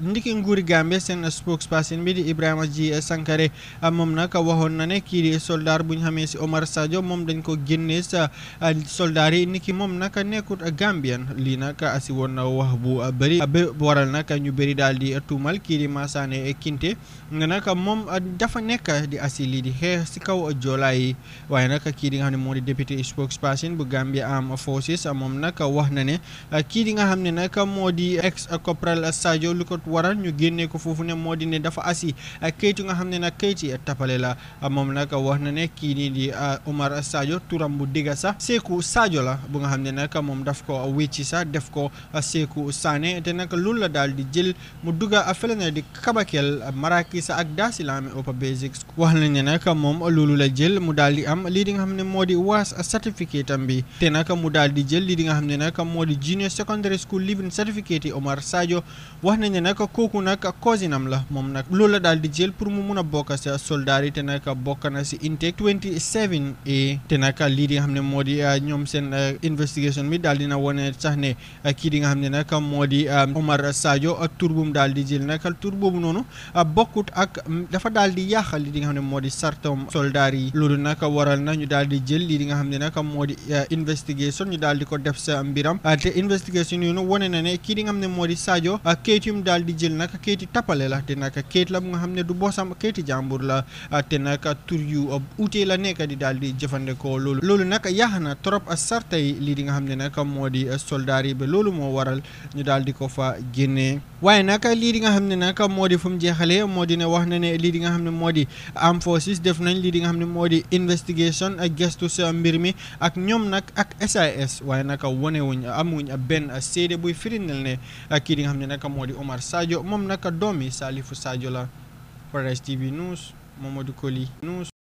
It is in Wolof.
ndiki nguuri gambia sen spokesperson mbiɗi ibrahima ji sankare mom nak wahonnane kiiri soldar buñ hamesi omar sadio mom dañ ko génne sa soldari niki mom nak nekkut gambian li nak asi won wax bu bari be waral nak ñu bari daal di tuumal kiiri masane e kinte nak mom dafa nekk di asi li di xeex si kaw joolaa yi waaye nak kii di nga xam ne député spokesperson bu gambia am forces mom nak wax na ne kii di nga xam nak ex corporal sadio lu ko waral ñu génnee ko foofu ne moo di ne dafa asi kayit yu nga xam ne nag kayit yi tapale la moom nag wax na ne kii nii di ah, Omar Sadio turam bu digga sax Seeku Sadio la bu nga xam ne nag moom daf ko wécci sax def ko Seeku Sané te nag loolu la daal di jël mu dugga fële na di Kabakel Marakisa ak Daasilaame Upper Basic wax na ne nag moom loolu la jël mu daal di am lii di nga xam ne moo di waas certificate am bi te nag mu daal di jël lii di nga xam ne nag moo di junior secondary school living certificate yi Omar Sadio wax nañ nag kooku nag cousinam la moom nag loolu la daal di jël pour mu mun a bokk sa soldat yi bokk na si intake 27A te nag lii di nga xam ne moo di euh, ñoom seen euh, investigation bi daal dina wane sax ne euh, kii di nga xam ne nag moo di Omar Sadio tur bu mu daal di jël nag tur boobu noonu bokkut ak mm, dafa daal di yàq lii di nga xam ne moo di sartam soldat yi loolu nag waral na ñu daal di jël lii di nga xam ne nag moo di investigation ñu daal di ko def sa mbiram te investigation yi noonu wane na ne kii di nga xam ne moo di Sadio kayit yu di jël nag kayiti tappale la te nag kayit la mu nga xam ne du boosam kayiti jàmbur la te yu la nekk di daal di ko loolu loolu nak yahna trop sarta yi lii di nga xam ne nag moo yi waral ñu daal di ko fa génnee waaye hamne lii di nga xam ne nag ne wax na ne lii di nga xam modi moo forces def nañ di nga investigation ak gestu sa mbir mi ak ñoom nak ak SIS waaye nag wone wuñ amuñ benn seede buy firindeel ne kii di nga xam ne nag Omar Sadio moom naka doomi Salifou Sadio la Forage TV News Mamadou Koli News